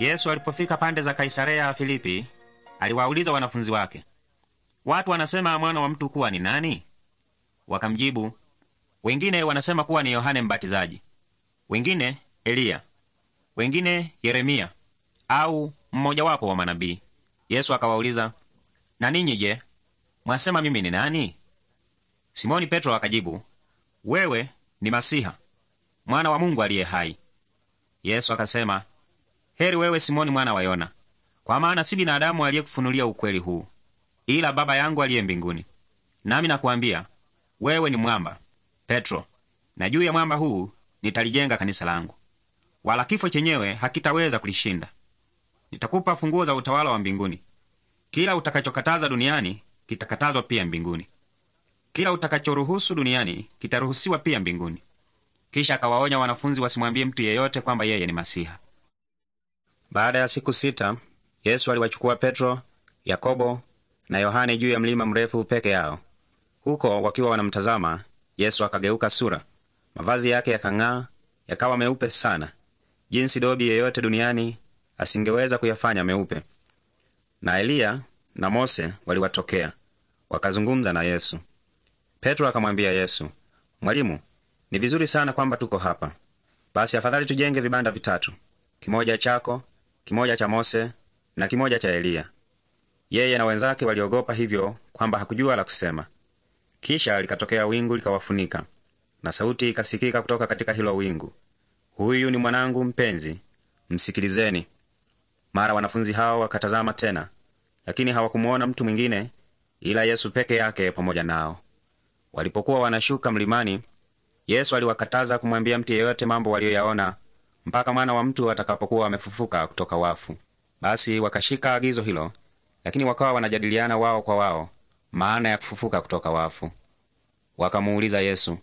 Yesu alipofika pande za Kaisarea ya Filipi, aliwauliza wanafunzi wake, watu wanasema mwana wa mtu kuwa ni nani? Wakamjibu, wengine wanasema kuwa ni Yohane Mbatizaji, wengine Eliya, wengine Yeremia au mmojawapo wa manabii. Yesu akawauliza, na ninyi je, mwasema mimi ni nani? Simoni Petro akajibu, wewe ni Masiha, mwana wa Mungu aliye hai. Yesu akasema, Heri wewe Simoni mwana wa Yona, kwa maana si binadamu aliyekufunulia ukweli huu, ila Baba yangu aliye mbinguni. Nami nakuambia wewe ni mwamba Petro, na juu ya mwamba huu nitalijenga kanisa langu, wala kifo chenyewe hakitaweza kulishinda. Nitakupa funguo za utawala wa mbinguni. Kila utakachokataza duniani kitakatazwa pia mbinguni, kila utakachoruhusu duniani kitaruhusiwa pia mbinguni. Kisha akawaonya wanafunzi wasimwambie mtu yeyote kwamba yeye ni Masiha. Baada ya siku sita, Yesu aliwachukua Petro, Yakobo na Yohane juu ya mlima mrefu peke yao. Huko wakiwa wanamtazama Yesu, akageuka sura, mavazi yake yakang'aa, yakawa meupe sana, jinsi dobi yeyote duniani asingeweza kuyafanya meupe. Na Eliya na Mose waliwatokea wakazungumza na Yesu. Petro akamwambia Yesu, Mwalimu, ni vizuri sana kwamba tuko hapa. Basi afadhali tujenge vibanda vitatu, kimoja chako, kimoja cha Mose na kimoja cha Eliya. Yeye na wenzake waliogopa hivyo kwamba hakujua la kusema. Kisha likatokea wingu likawafunika, na sauti ikasikika kutoka katika hilo wingu, huyu ni mwanangu mpenzi, msikilizeni. Mara wanafunzi hao wakatazama tena, lakini hawakumwona mtu mwingine ila Yesu peke yake pamoja nao. Walipokuwa wanashuka mlimani, Yesu aliwakataza kumwambia mtu yeyote mambo waliyoyaona mpaka mwana wa mtu atakapokuwa amefufuka kutoka wafu. Basi wakashika agizo hilo, lakini wakawa wanajadiliana wao kwa wao maana ya kufufuka kutoka wafu. Wakamuuliza Yesu,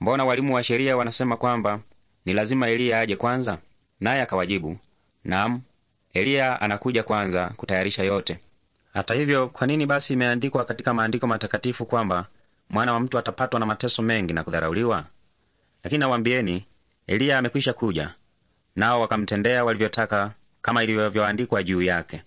mbona walimu wa sheria wanasema kwamba ni lazima Eliya aje kwanza? Naye akawajibu, nam, Eliya anakuja kwanza kutayarisha yote. Hata hivyo, kwa nini basi imeandikwa katika maandiko matakatifu kwamba mwana wa mtu atapatwa na mateso mengi na kudharauliwa? Lakini nawambieni, Eliya amekwisha kuja nao wakamtendea walivyotaka kama ilivyoandikwa juu yake.